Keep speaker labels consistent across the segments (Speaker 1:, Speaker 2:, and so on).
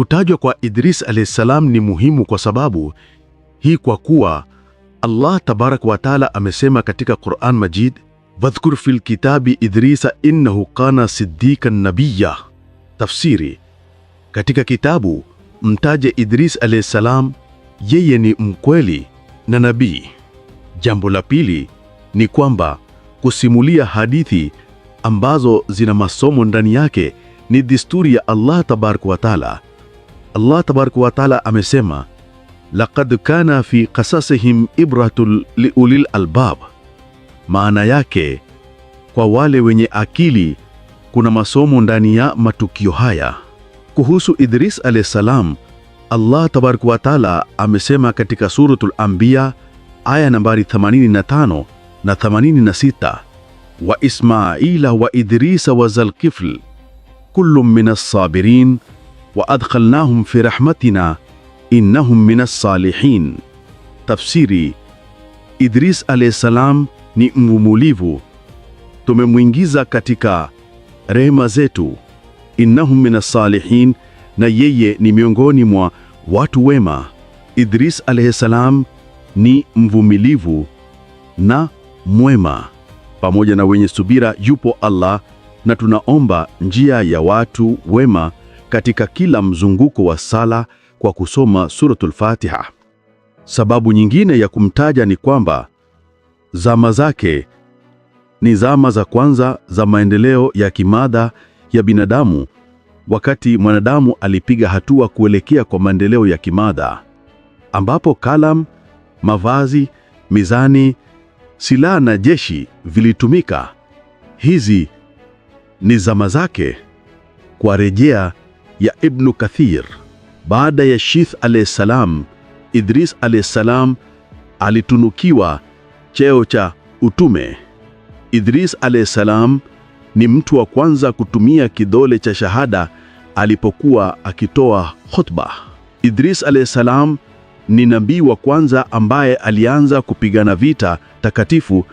Speaker 1: Kutajwa kwa Idris alayhis salam ni muhimu kwa sababu hii, kwa kuwa Allah tabaraka wa taala amesema katika Quran Majid, wadhkur fil kitabi idrisa innahu kana siddiqan nabiyya. Tafsiri, katika kitabu mtaje Idris alayhis salam, yeye ni mkweli na nabii. Jambo la pili ni kwamba kusimulia hadithi ambazo zina masomo ndani yake ni desturi ya Allah tabaraka wa taala. Allah tabaraka wa taala amesema, laqad kana fi qasasihim ibratun liulil albab, maana yake kwa wale wenye akili kuna masomo ndani ya matukio haya. Kuhusu Idris alayhi salam, Allah tabaraka wa taala amesema katika Suratul Anbiya aya nambari 85 na 86, wa Ismaila wa Idrisa wa Zalkifl kullu min assabirin wa adkhalnahum fi rahmatina innahum minas salihin. Tafsiri: Idris alayhi salam ni mvumulivu, tumemwingiza katika rehema zetu. Innahum min salihin, na yeye ni miongoni mwa watu wema. Idris alayhi salam ni mvumilivu na mwema. Pamoja na wenye subira yupo Allah, na tunaomba njia ya watu wema katika kila mzunguko wa sala kwa kusoma Suratul Fatiha. Sababu nyingine ya kumtaja ni kwamba zama zake ni zama za kwanza za maendeleo ya kimada ya binadamu, wakati mwanadamu alipiga hatua kuelekea kwa maendeleo ya kimada, ambapo kalam, mavazi, mizani, silaha na jeshi vilitumika. Hizi ni zama zake kwa rejea ya Ibnu Kathir. Baada ya Shith alayhi salam, Idris alayhi salam alitunukiwa cheo cha utume. Idris alayhi salam ni mtu wa kwanza kutumia kidole cha shahada alipokuwa akitoa khutba. Idris alayhi salam ni nabii wa kwanza ambaye alianza kupigana vita takatifu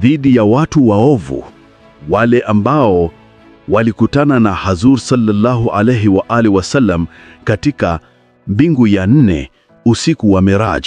Speaker 1: dhidi ya watu waovu, wale ambao walikutana na Hazur sallallahu alaihi wa alihi wasallam katika mbingu ya nne usiku wa Miraj.